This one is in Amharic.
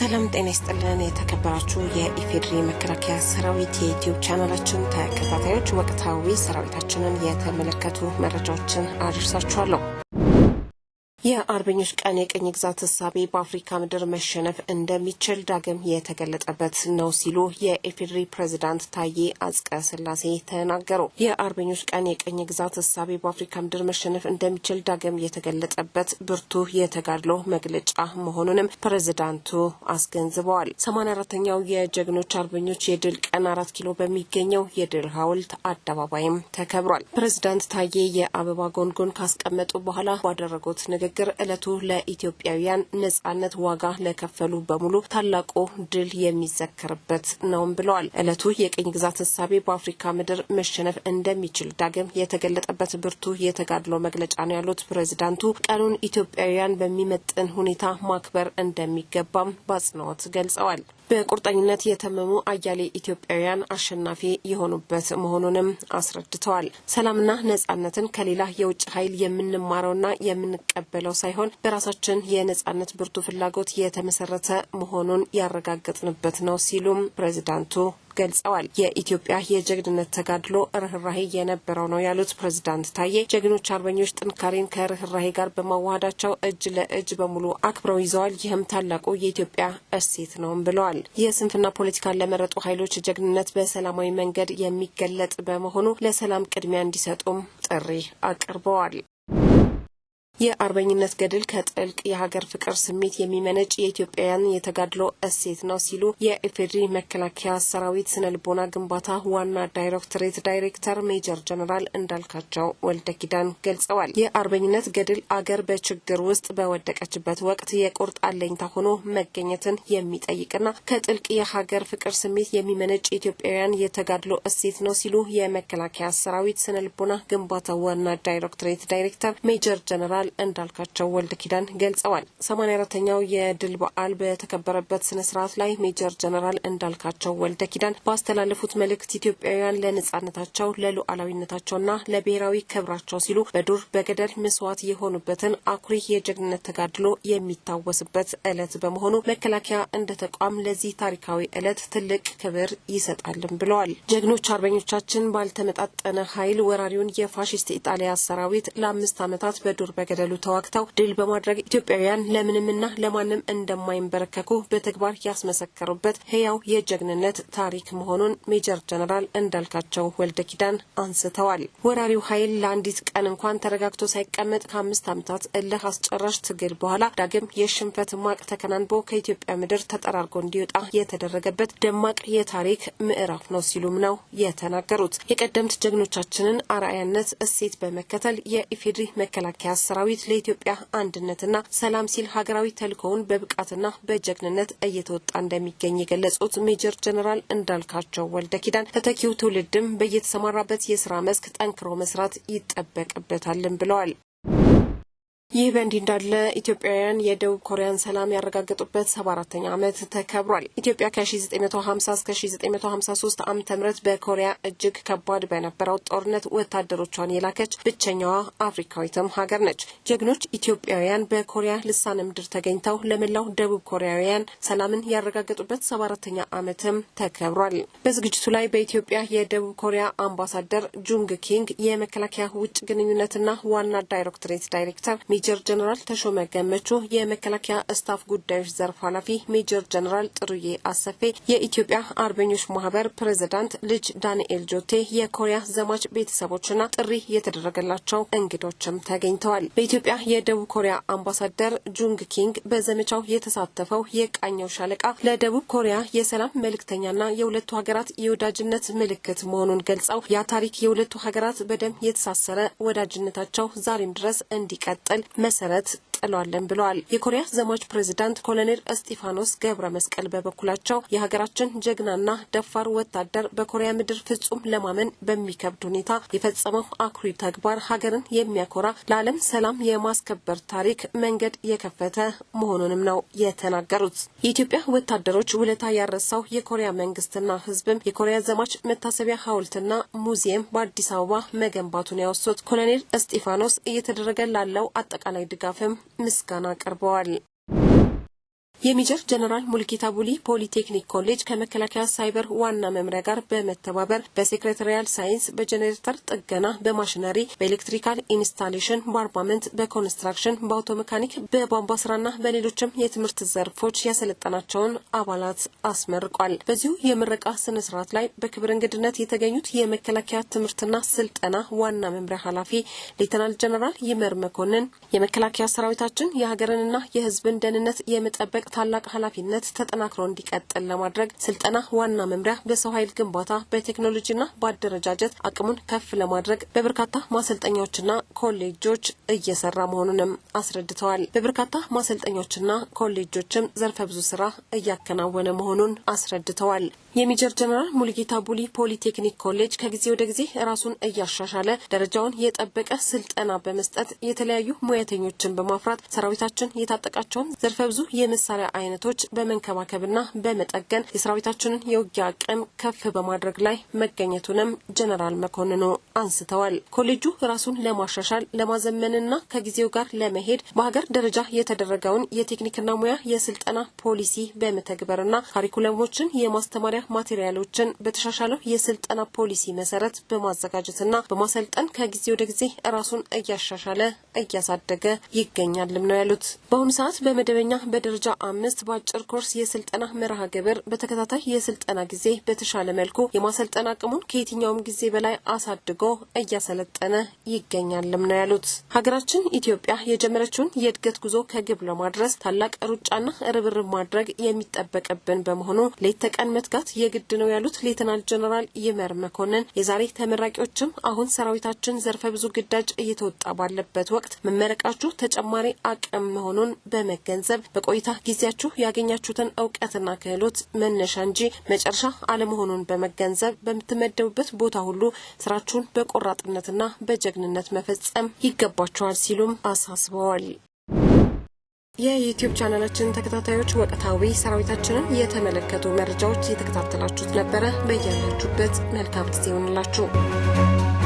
ሰላም ጤና ይስጥልን። የተከበራችሁ የኢፌድሪ መከላከያ ሰራዊት የዩቲዩብ ቻናላችን ተከታታዮች ወቅታዊ ሰራዊታችንን የተመለከቱ መረጃዎችን አድርሳችኋለሁ የአርበኞች ቀን የቅኝ ግዛት እሳቤ በአፍሪካ ምድር መሸነፍ እንደሚችል ዳግም የተገለጠበት ነው ሲሉ የኢፌዴሪ ፕሬዚዳንት ታዬ አጽቀ ሥላሴ ተናገሩ። የአርበኞች ቀን የቅኝ ግዛት እሳቤ በአፍሪካ ምድር መሸነፍ እንደሚችል ዳግም የተገለጠበት ብርቱ የተጋድሎ መግለጫ መሆኑንም ፕሬዚዳንቱ አስገንዝበዋል። ሰማንያ አራተኛው የጀግኖች አርበኞች የድል ቀን አራት ኪሎ በሚገኘው የድል ሐውልት አደባባይም ተከብሯል። ፕሬዚዳንት ታዬ የአበባ ጎንጎን ካስቀመጡ በኋላ ባደረጉት ንግግ ንግግር እለቱ ለኢትዮጵያውያን ነጻነት ዋጋ ለከፈሉ በሙሉ ታላቁ ድል የሚዘከርበት ነውም ብለዋል። እለቱ የቅኝ ግዛት እሳቤ በአፍሪካ ምድር መሸነፍ እንደሚችል ዳግም የተገለጠበት ብርቱ የተጋድሎ መግለጫ ነው ያሉት ፕሬዚዳንቱ ቀኑን ኢትዮጵያውያን በሚመጥን ሁኔታ ማክበር እንደሚገባም በአጽንኦት ገልጸዋል። በቁርጠኝነት የተመሙ አያሌ ኢትዮጵያውያን አሸናፊ የሆኑበት መሆኑንም አስረድተዋል። ሰላምና ነጻነትን ከሌላ የውጭ ኃይል የምንማረውና የምንቀበለው ሳይሆን በራሳችን የነጻነት ብርቱ ፍላጎት የተመሰረተ መሆኑን ያረጋገጥንበት ነው ሲሉም ፕሬዚዳንቱ ገልጸዋል። የኢትዮጵያ የጀግንነት ተጋድሎ ርኅራሄ የነበረው ነው ያሉት ፕሬዝዳንት ታዬ ጀግኖች አርበኞች ጥንካሬን ከርኅራሄ ጋር በማዋሃዳቸው እጅ ለእጅ በሙሉ አክብረው ይዘዋል። ይህም ታላቁ የኢትዮጵያ እሴት ነውም ብለዋል። የስንፍና ፖለቲካን ለመረጡ ኃይሎች ጀግንነት በሰላማዊ መንገድ የሚገለጥ በመሆኑ ለሰላም ቅድሚያ እንዲሰጡም ጥሪ አቅርበዋል። የአርበኝነት ገድል ከጥልቅ የሀገር ፍቅር ስሜት የሚመነጭ የኢትዮጵያውያን የተጋድሎ እሴት ነው ሲሉ የኢፌዴሪ መከላከያ ሰራዊት ስነ ልቦና ግንባታ ዋና ዳይሬክቶሬት ዳይሬክተር ሜጀር ጀነራል እንዳልካቸው ወልደ ኪዳን ገልጸዋል። የአርበኝነት ገድል አገር በችግር ውስጥ በወደቀችበት ወቅት የቁርጥ አለኝታ ሆኖ መገኘትን የሚጠይቅና ከጥልቅ የሀገር ፍቅር ስሜት የሚመነጭ የኢትዮጵያውያን የተጋድሎ እሴት ነው ሲሉ የመከላከያ ሰራዊት ስነ ልቦና ግንባታ ዋና ዳይሬክቶሬት ዳይሬክተር ሜጀር ጀነራል እንዳልካቸው ወልድ ኪዳን ገልጸዋል። ሰማኒያ አራተኛው የድል በዓል በተከበረበት ስነ ስርዓት ላይ ሜጀር ጀነራል እንዳልካቸው ወልደ ኪዳን ባስተላለፉት መልእክት ኢትዮጵያውያን ለነጻነታቸው ለሉዓላዊነታቸውና ለብሔራዊ ክብራቸው ሲሉ በዱር በገደል መስዋዕት የሆኑበትን አኩሪ የጀግንነት ተጋድሎ የሚታወስበት ዕለት በመሆኑ መከላከያ እንደ ተቋም ለዚህ ታሪካዊ ዕለት ትልቅ ክብር ይሰጣልም ብለዋል። ጀግኖች አርበኞቻችን ባልተመጣጠነ ኃይል ወራሪውን የፋሽስት ኢጣሊያ ሰራዊት ለአምስት ዓመታት በዱር በገደል በበደሉ ተዋግተው ድል በማድረግ ኢትዮጵያውያን ለምንምና ለማንም እንደማይንበረከኩ በተግባር ያስመሰከሩበት ህያው የጀግንነት ታሪክ መሆኑን ሜጀር ጀነራል እንዳልካቸው ወልደ ኪዳን አንስተዋል። ወራሪው ኃይል ለአንዲት ቀን እንኳን ተረጋግቶ ሳይቀመጥ ከአምስት ዓመታት እልህ አስጨራሽ ትግል በኋላ ዳግም የሽንፈት ማቅ ተከናንቦ ከኢትዮጵያ ምድር ተጠራርጎ እንዲወጣ የተደረገበት ደማቅ የታሪክ ምዕራፍ ነው ሲሉም ነው የተናገሩት። የቀደምት ጀግኖቻችንን አርአያነት እሴት በመከተል የኢፌዴሪ መከላከያ ሰራዊት ሰራዊት ለኢትዮጵያ አንድነትና ሰላም ሲል ሀገራዊ ተልእኮውን በብቃትና በጀግንነት እየተወጣ እንደሚገኝ የገለጹት ሜጀር ጀነራል እንዳልካቸው ወልደ ኪዳን ተተኪው ትውልድም በየተሰማራበት የስራ መስክ ጠንክሮ መስራት ይጠበቅበታልም ብለዋል። ይህ በእንዲህ እንዳለ ኢትዮጵያውያን የደቡብ ኮሪያን ሰላም ያረጋገጡበት ሰባ አራተኛ ዓመት ተከብሯል። ኢትዮጵያ ከ1950 እስከ 1953 ዓ.ም በኮሪያ እጅግ ከባድ በነበረው ጦርነት ወታደሮቿን የላከች ብቸኛዋ አፍሪካዊትም ሀገር ነች። ጀግኖች ኢትዮጵያውያን በኮሪያ ልሳነ ምድር ተገኝተው ለመላው ደቡብ ኮሪያውያን ሰላምን ያረጋገጡበት ሰባ አራተኛ ዓመትም ተከብሯል። በዝግጅቱ ላይ በኢትዮጵያ የደቡብ ኮሪያ አምባሳደር ጁንግ ኪንግ፣ የመከላከያ ውጭ ግንኙነትና ዋና ዳይሬክቶሬት ዳይሬክተር ሜጀር ጀነራል ተሾመ ገመቹ የመከላከያ ስታፍ ጉዳዮች ዘርፍ ኃላፊ፣ ሜጀር ጀነራል ጥሩዬ አሰፌ የኢትዮጵያ አርበኞች ማህበር ፕሬዝዳንት፣ ልጅ ዳንኤል ጆቴ የኮሪያ ዘማች ቤተሰቦችና ጥሪ የተደረገላቸው እንግዶችም ተገኝተዋል። በኢትዮጵያ የደቡብ ኮሪያ አምባሳደር ጁንግ ኪንግ በዘመቻው የተሳተፈው የቃኘው ሻለቃ ለደቡብ ኮሪያ የሰላም መልእክተኛና የሁለቱ ሀገራት የወዳጅነት ምልክት መሆኑን ገልጸው ያ ታሪክ የሁለቱ ሀገራት በደም የተሳሰረ ወዳጅነታቸው ዛሬም ድረስ እንዲቀጥል መሰረት እንቀጥለዋለን ብለዋል። የኮሪያ ዘማች ፕሬዚዳንት ኮሎኔል እስጢፋኖስ ገብረ መስቀል በበኩላቸው የሀገራችን ጀግናና ደፋር ወታደር በኮሪያ ምድር ፍጹም ለማመን በሚከብድ ሁኔታ የፈጸመው አኩሪ ተግባር ሀገርን የሚያኮራ ለዓለም ሰላም የማስከበር ታሪክ መንገድ የከፈተ መሆኑንም ነው የተናገሩት። የኢትዮጵያ ወታደሮች ውለታ ያረሳው የኮሪያ መንግስትና ህዝብም የኮሪያ ዘማች መታሰቢያ ሐውልትና ሙዚየም በአዲስ አበባ መገንባቱን ያወሱት ኮሎኔል እስጢፋኖስ እየተደረገ ላለው አጠቃላይ ድጋፍም ምስጋና አቅርበዋል። የሜጀር ጀነራል ሙልጌታ ቡሊ ፖሊቴክኒክ ኮሌጅ ከመከላከያ ሳይበር ዋና መምሪያ ጋር በመተባበር በሴክሬታሪያል ሳይንስ፣ በጀኔሬተር ጥገና፣ በማሽነሪ፣ በኤሌክትሪካል ኢንስታሌሽን፣ በአርማመንት፣ በኮንስትራክሽን፣ በአውቶ መካኒክ፣ በቧንቧ ስራና በሌሎችም የትምህርት ዘርፎች ያሰለጠናቸውን አባላት አስመርቋል። በዚሁ የምረቃ ስነ ስርዓት ላይ በክብር እንግድነት የተገኙት የመከላከያ ትምህርትና ስልጠና ዋና መምሪያ ኃላፊ ሌተናል ጀነራል ይመር መኮንን የመከላከያ ሰራዊታችን የሀገርንና የህዝብን ደህንነት የመጠበቅ ታላቅ ኃላፊነት ተጠናክሮ እንዲቀጥል ለማድረግ ስልጠና ዋና መምሪያ በሰው ኃይል ግንባታ በቴክኖሎጂና በአደረጃጀት አቅሙን ከፍ ለማድረግ በበርካታ ማሰልጠኛዎችና ኮሌጆች እየሰራ መሆኑንም አስረድተዋል። በበርካታ ማሰልጠኛዎችና ኮሌጆችም ዘርፈ ብዙ ስራ እያከናወነ መሆኑን አስረድተዋል። የሜጀር ጀነራል ሙልጌታ ቡሊ ፖሊቴክኒክ ኮሌጅ ከጊዜ ወደ ጊዜ ራሱን እያሻሻለ ደረጃውን የጠበቀ ስልጠና በመስጠት የተለያዩ ሙያተኞችን በማፍራት ሰራዊታችን የታጠቃቸውን ዘርፈ ብዙ የመሳሪያ አይነቶች በመንከባከብና በመጠገን የሰራዊታችንን የውጊያ አቅም ከፍ በማድረግ ላይ መገኘቱንም ጀነራል መኮንኑ አንስተዋል። ኮሌጁ ራሱን ለማሻሻል ለማዘመንና ከጊዜው ጋር ለመሄድ በሀገር ደረጃ የተደረገውን የቴክኒክና ሙያ የስልጠና ፖሊሲ በመተግበርና ካሪኩለሞችን የማስተማሪያ መሳሪያ ማቴሪያሎችን በተሻሻለው የስልጠና ፖሊሲ መሰረት በማዘጋጀትና በማሰልጠን ከጊዜ ወደ ጊዜ ራሱን እያሻሻለ እያሳደገ ይገኛልም ነው ያሉት። በአሁኑ ሰዓት በመደበኛ በደረጃ አምስት በአጭር ኮርስ የስልጠና መርሃ ግብር በተከታታይ የስልጠና ጊዜ በተሻለ መልኩ የማሰልጠን አቅሙን ከየትኛውም ጊዜ በላይ አሳድጎ እያሰለጠነ ይገኛልም ነው ያሉት። ሀገራችን ኢትዮጵያ የጀመረችውን የእድገት ጉዞ ከግብ ለማድረስ ታላቅ ሩጫና ርብርብ ማድረግ የሚጠበቅብን በመሆኑ ሌት ተቀን መትጋት የግድ ነው ያሉት ሌተናል ጀነራል ይመር መኮንን የዛሬ ተመራቂዎችም አሁን ሰራዊታችን ዘርፈ ብዙ ግዳጅ እየተወጣ ባለበት ወቅት መመረቃችሁ ተጨማሪ አቅም መሆኑን በመገንዘብ በቆይታ ጊዜያችሁ ያገኛችሁትን እውቀትና ክህሎት መነሻ እንጂ መጨረሻ አለመሆኑን በመገንዘብ በምትመደቡበት ቦታ ሁሉ ስራችሁን በቆራጥነትና በጀግንነት መፈጸም ይገባችኋል ሲሉም አሳስበዋል። የዩቲዩብ ቻናላችን ተከታታዮች ወቅታዊ ሰራዊታችንን የተመለከቱ መረጃዎች እየተከታተላችሁት ነበረ። በያላችሁበት መልካም ጊዜ ይሆንላችሁ።